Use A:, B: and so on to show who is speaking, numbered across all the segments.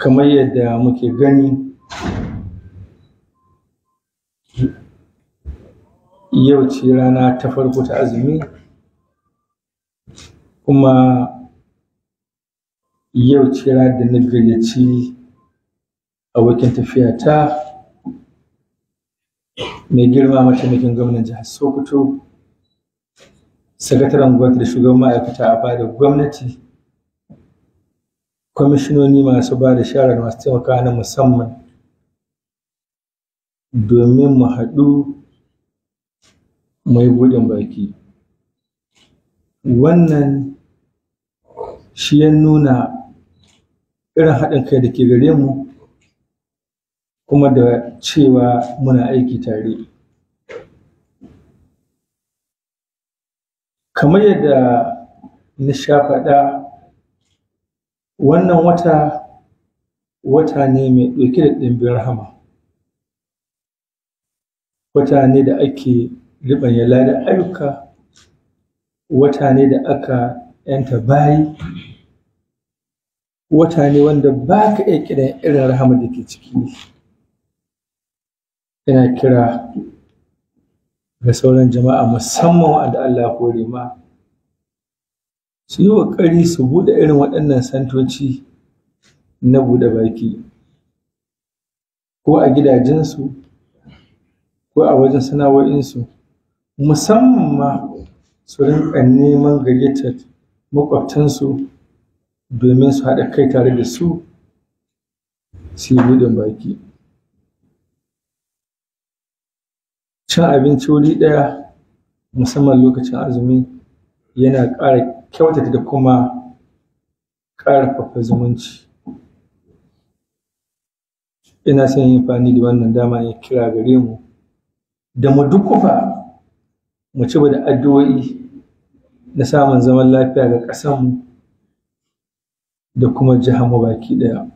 A: kamar yadda muke gani yau ce rana ta farko ta azumi kuma yau ce rana da na gayyaci abokin tafiyata mai girma mataimakin gwamnan jihar sokoto sakataren gwamnati da shugaban ma'aikata a bada gwamnati kwamishinoni masu ba da shara masu taimaka na musamman domin mu haɗu mai buɗin baki wannan shi ya nuna irin haɗin kai da ke gare mu kuma da cewa muna aiki tare kamar yadda na sha wannan wata wata ne mai ɗauke da ɗimbin rahama wata ne da ake riɓanya ladan ayyuka wata ne da aka yanta bayi wata ne wanda ba ka iya kiran irin rahama da ke ciki yana kira ga sauran jama'a musamman wanda Allah ya hore su yi ƙoƙari su buɗe irin waɗannan santoci na buɗe baki ko a gidajensu ko a wajen sana'o'insu musamman ma su rinƙa neman gayyatar maƙwabtansu domin su haɗa kai tare da su su yi buɗe baki cin abinci wuri ɗaya musamman lokacin azumi yana ƙara kyautata da kuma ƙarfafa zumunci ina son yin fani da wannan dama ya kira gare mu da mu dukufa mu ci da addu'o'i na samun zaman lafiya ga ƙasanmu da kuma mu baki ɗaya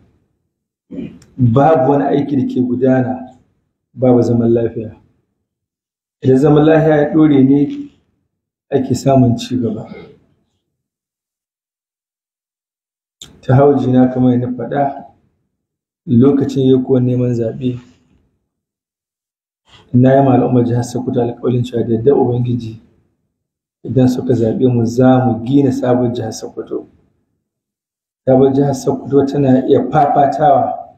A: babu wani aiki da ke gudana babu zaman lafiya idan zaman lafiya ya ɗore ne ake samun ci gaba ta hau jina kamar yana na faɗa lokacin kuwa neman zaɓe na yi al'ummar jihar sakuta alƙawarin cewa da yadda Ubangiji idan suka zaɓe mu za mu gina sabon jihar sakuto Sabon jihar sakuto tana iya fafatawa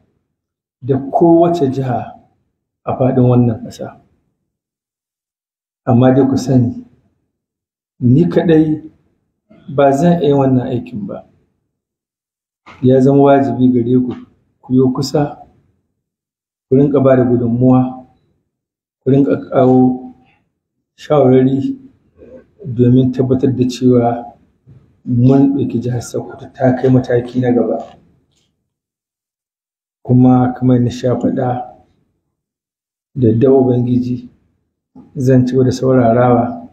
A: da kowace jiha a faɗin wannan ƙasa. Amma dai ku sani, ni kaɗai ba zan iya wannan aikin ba. ya zama wajibi gare ku ku yi kusa ku rinka ba da gudunmuwa ku rinka kawo shawarwari domin tabbatar da cewa mun ɗauki jihar sokoto ta kai mataki na gaba kuma kamar na sha faɗa da dawo ubangiji zan ci da saurarawa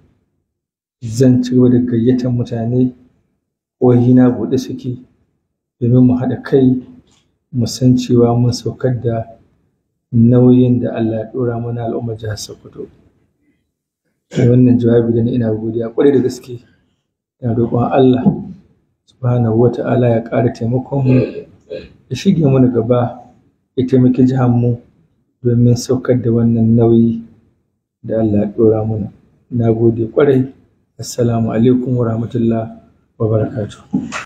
A: zan ci da gayyatar mutane wahina buɗe suke domin mu haɗa kai mu san cewa mun saukar da nauyin da Allah ya ɗora mana al'umma jihar Sokoto. wannan jawabi da ina godiya kwarai da gaske da roƙon Allah subhanahu wa ta'ala ya ƙara taimakon mu ya shige mana gaba ya taimaki jihar mu domin saukar da wannan nauyi da Allah ya ɗora mana. Na gode kwarai. Assalamu alaikum wa rahmatullah wa barakatuh.